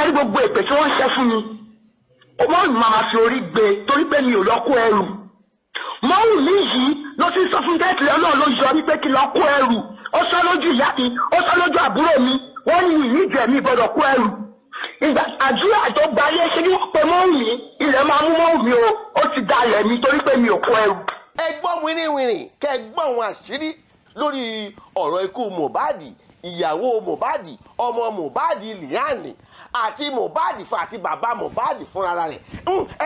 sẹ́rí gbogbo èpè tí wọ́n ṣe fún mi wọ́n máa fi orí gbé e torí pé mi ò lọ kó ẹrù mọ́wù mi yìí ló ti sọ fún gẹ́tì ọlọ́run ló yọ mí pé kí lọ kó ẹrù ó sọ lójú ìyá mi ó sọ lójú àbúrò mi wọ́n ní ìníjẹ̀ mi gbọ́dọ̀ kó ẹrù ìgbà àdúrà tó gba ayé ṣe ni wọ́n pe mọ́wù mi ilẹ̀ máa mú mọ́wù mi o ó ti dalẹ̀ mi torí pé mi ò kó ẹrù. ẹ gbọ́ wìrìwìrì kẹ́ ẹ gbọ́ àwọn àṣírí lórí ọ̀rọ̀ ikú Mohbad ìyàwó Mohbad ọmọ Mohbad Liani àti Mohbad fún àti bàbá Mohbad fúnra rẹ̀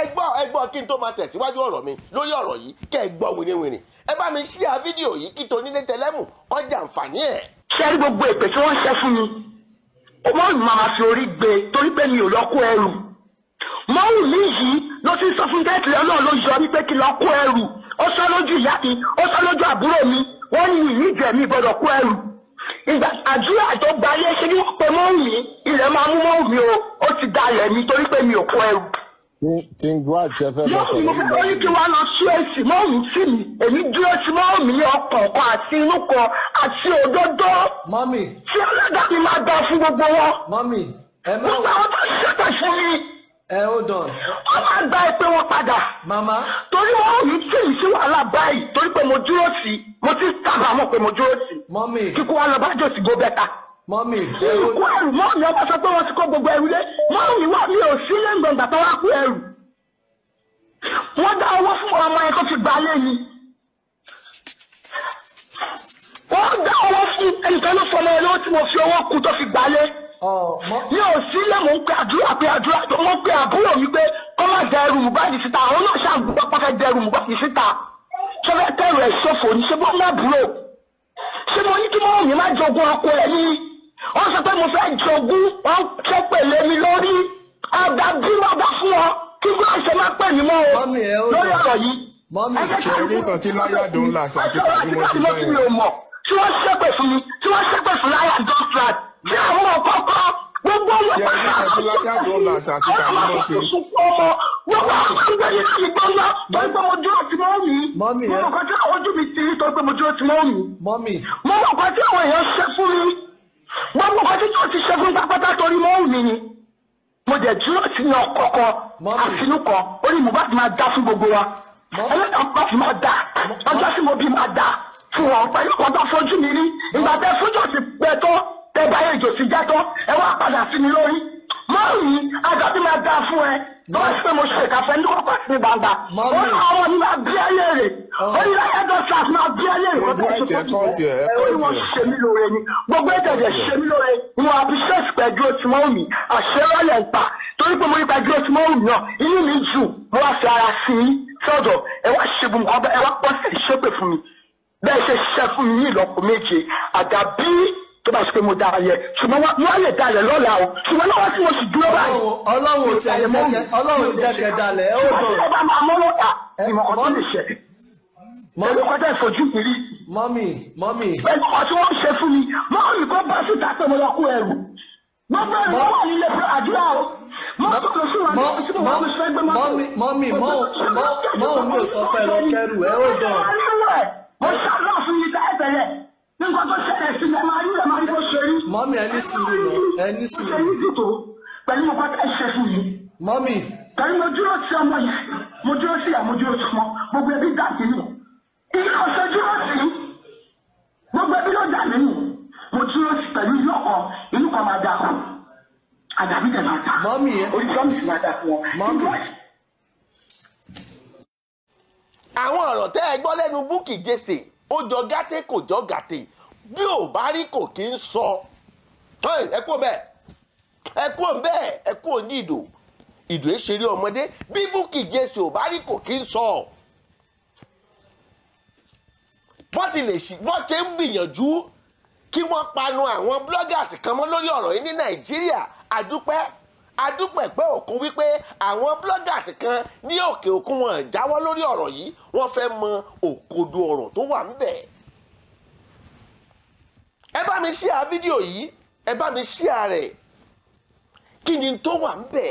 ẹgbọ́ ẹgbọ́ kí n tó máa tẹ̀síwájú ọ̀rọ̀ mi lórí ọ̀rọ̀ yìí kẹ́ ẹ gbọ́ wìnìwìnì ẹ bá mi ṣí à fídíò yìí kí tonílé tẹlẹ́mù ọjà àǹfààní ẹ̀. sẹ́rí gbogbo èpè tí wọ́n ń ṣe fún mi wọ́n máa fi orí gbé torí pé mi ò lọ kó ẹrù mọ́wù mi yìí ló ti sọ fún gẹ́ẹ̀tì ọlọ́run ló yọ mí pé kí lọ kó ẹrù ó sọ lójú ìyá mi ó sọ lójú àbúrò mi wọ́n ní ìyíjẹ̀ mi gbọ́dọ̀ kó ẹrù ìgbà àdúrà tó gba ayé ṣe ní pé mọ́ wù ilẹ̀ máa mú mọ́ wù o ó ti dalẹ̀ mi torí pé mi ò kó ẹrù. tí n gbọ́ àti ẹfẹ́ lọ sọ̀rọ̀ nígbà yìí. mo ní kí wọ́n lọ sí èsì mọ́ wù sí mi èmi dúró sí mọ́ wù mí àti inú kan àti òdodo. mami. tí ọlọ́dà mi máa dán fún gbogbo wọn. mami ẹ máa wọ. gbogbo àwọn tó ń ṣètò fún mi ẹ ó dàn. ó máa gba ẹgbẹ́ wọn padà. màmá. torí wọn yìí tí èyí sí wàhálà báyìí torí pé mo dúró sí i mo ti sábà mọ̀ pé mo dúró sí i. mọ́mì. kíkó wa lọ bá jòsì go bẹ́ta. mọ́mì. ìkú ẹrù mọ́mì ọba sọ pé wọ́n ti kó gbogbo ẹrù lé mọ́mì wà mí ò sí lẹ́ngbọ̀ngbà tó wá kú ẹrù. wọ́n dá owó fún ọmọ yẹn tó ti gbà lé ni. wọ́n dá owó fún ẹnìkan fọmọ ẹ lọ́wọ́ tí mo fi owó kú tó fi gbà lé mi ò sílẹ̀ mò ń pe àdúrà pe àdúrà tó mò ń pe àbúrò mi pé kọ́ má dẹ ẹrù Mohbad síta àwọn náà ṣàgbọ́n pápá fẹ́ dẹ ẹrù Mohbad síta sọfẹ́ tẹ̀rù ẹ̀ ṣòfò ní ṣe bọ́ lábúrò ṣé mo ní kí mọ́ mi má jogún ọkọ ẹ̀ ni wọ́n sọ pé mo fẹ́ jogún wọ́n ṣe pèlè mi lórí ọ̀dà bí wọ́n bá fún ọ kí wọ́n ṣe má pè mí mọ́ o lórí ọ̀rọ̀ yìí. mọ́mí ṣèlérí kan tí láyà dùn là ṣàkíyèsí mọ́ ti bẹ́ẹ̀. tí wọ́n ṣépè fún mi tí wọ́n ṣépè fún láyà láyà dollars àti kàdúmọ̀ ṣe. wọ́n wá ọ̀gá yìí ti gbọ́ ńlá tó ń gbọ́ mojú ọtí mọ́ mi. mọ́mì ẹ. mo mọ̀ kọ́tí àwọn ojú mi ti tó ń gbọ́ mojú ọtí mọ́ mi. mọ́mì. mo mọ̀ kọ́tí àwọn èèyàn ṣe fún mi. wọ́n mọ̀ kọ́tí tó ti ṣe fún pápátá torí mọ́ mi ni. mo jẹ́ dúró sí ní ọ̀kọ̀ọ̀kọ̀ àfinúkọ̀ ó ní Mohbad máa dá fún gbogbo wa. ẹlẹ́dàá máa dá ọjọ́ tí mo bí máa dá fún wọn pẹ̀lú ọ̀dọ́ fojú mi rí ìgbà tẹ fújọ́ ti pẹ́ tó tẹ báyé ìjòsí jẹ́ tó ẹ wá padà sí mi lórí mọ́ọ̀lì àjàdí máa dáa fún ẹ lọ́wọ́ sí pé mo ṣe ìkàfẹ́ ní kọ́kọ́ sí gbangba ó ní àwọn ní máa bí ẹ léèrè oh. ó ní láyé ẹjọ́ sars máa bí ẹ léèrè kọ́tà ìṣòkò jù ẹ ó ní wọ́n ṣe mí lóore ni gbogbo ìdẹ̀dẹ̀ ṣe mí lóore mo àbíṣẹ́sì pẹ̀lú oṣù mọ́ọ̀lì àṣẹwọ́lẹ̀ ń pa torí pé mo rí pẹ̀lú oṣù mọ́ọ̀lì náà inú mi jù mo wá fi ara sí i sọ́dọ̀ ẹ wá ṣe gbogbo ẹ wá pọ̀ sí ìṣépè fún mi bẹ́ẹ̀ ṣe ṣiṣẹ́ fún mi ní ìlọ́po méje àdàbí tó bá sọ pé mo da ayẹ ṣùgbọ́n wọ́n á lè dalẹ̀ lọ́la o ṣùgbọ́n náà wọ́n tí mo sì dúró báyìí. ọlọ́run tẹ ọlọ́run jẹ́ kẹ dalẹ̀ ó bọ̀. àti ọba máa mọ́wọ́ ta ìmọ̀kàn tó lè ṣẹ̀. pẹ̀lú kọjá ìfojú mi rí. mọ́mì mọ́mì. pẹ̀lú ọ̀tí wọ́n ṣe fún mi mọ́mì kó bá síta pé mo lọ kó ẹrù. mọ́mì mọ́mì mọ́mì ò sọ pẹ̀lú kẹrù ẹ̀ ó dọ̀. mo ṣàlọ́ fún yín nǹkan tó ṣẹlẹ̀ sí ẹ máa rí ẹ máa rí bó ṣe rí. mọ́mí ẹ ní sùúrù náà ẹ ní sùúrù. ṣe yíjú tó pẹ̀lú ọkọ ẹ ṣe fún mi. mọ́mí. pẹ̀lú mo dúró sí ọmọ yẹn mo dúró sí àmọ́ dúró sí ọmọ gbogbo ẹbí dà sí mi. ilé ọ̀sẹ̀ dúró sí gbogbo ẹbí ló dà mí nù mo dúró sí pẹ̀lú ilé ọkọ inú kan máa dà àdàbí tẹ̀ máa dà. mọ́mí ẹ orí jọ́mìsì máa dà fún ọ. mọ́mí àwọn ọ̀rọ̀ tẹ́ ẹ gbọ́ lẹ́nu Bukky Jesse ó jọ gàtè kò jọ gàtè bí ò bá rí kò kí ń sọ ẹ kú bẹ́ẹ̀ ẹ kú bẹ́ẹ̀ ẹ kú ní ìdò ìdò ẹ ṣeré ọmọdé bí Bukky Jesse ò bá rí kò kí ń sọ wọ́n ti lè ṣí wọ́n ti ń gbìyànjú kí wọ́n panu àwọn bloggers kan mọ́ lórí ọ̀rọ̀ yìí ní Nàìjíríà àdúpẹ́ adúpẹ̀pẹ́ òkun wípé àwọn bloggers kan ní òkè òkun wọn jáwọ́ lórí ọ̀rọ̀ yìí wọ́n fẹ́ mọ òkodo ọ̀rọ̀ tó wà ńbẹ̀. ẹ bá mi ṣíà fídíò yìí ẹ bá mi ṣíà rẹ̀ kí ni tó wà ńbẹ̀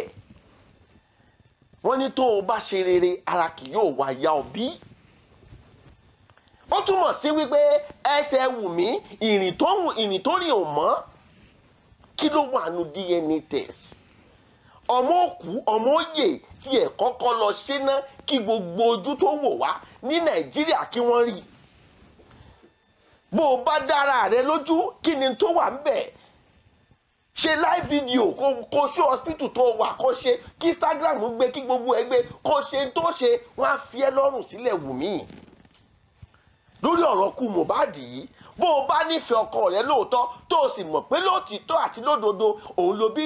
wọ́n ní tó o bá ṣe rere ara kì yóò wá ya ọ bí ó túmọ̀ sí wípé ẹsẹ̀ wù mí ìrìn tó rìn ò mọ́ kí ló wà nù DNA test ọmọ òkú ọmọ òye tí ẹ̀ kọ́kọ́ lọ ṣe ná kí gbogbo ojú tó wò wá ní nàìjíríà kí wọ́n rí i bó o bá dára rẹ lójú kí ni tó wà ń bẹ̀ ṣe live video kó kó ṣe hospital tó wà kó ṣe kí instagram gbé kí gbogbo ẹ gbé kó ṣe tó ṣe wọ́n á fi ẹ́ lọ́rùn sílẹ̀ wù mí lórí ọ̀rọ̀ kú mohbad yìí bó o bá nífẹ̀ẹ́ ọkọ rẹ lóòótọ́ tó o sì mọ̀ pé lóòtítọ́ àti lódodo òun ló bí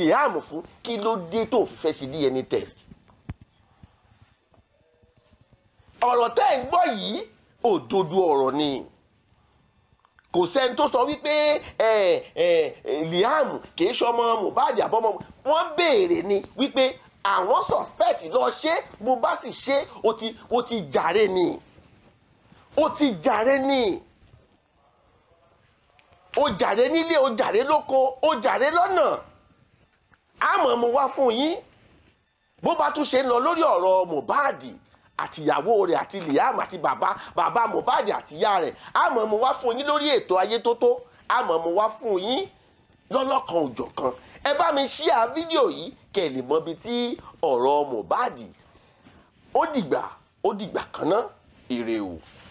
Liam fún kí ló dé tó o fi fẹ́ ṣe DNA test. ọ̀rọ̀ tẹ́ ẹ̀ ń gbọ́ yìí òdodo ọ̀rọ̀ ni kò sẹ́ni tó sọ wípé Liam kìí ṣọmọ Mohbad àbọ́mọ wọ́n béèrè ni wípé àwọn suspect lọ ṣe bó bá sì ṣe ó ti jàre ni ó ti jàre ni o jàre nílé o jàre lóko o jàre lọ́nà àmọ́ mo wá fún yín bó bá tún ṣe ń lọ lórí ọ̀rọ̀ Mohbad àtìyàwó rẹ̀ àti Liam àti bàbá bàbá Mohbad àtìyá rẹ̀ àmọ́ mo wá fún yín lórí ètò ayé tó tó àmọ́ mo wá fún yín lọ́lọ́kan òjọ̀kan ẹ bá mi ṣíà fídíò yìí kẹ́ ẹ lè mọ ibi tí ọ̀rọ̀ Mohbad ó dìgbà ó dìgbà kan náà ire o.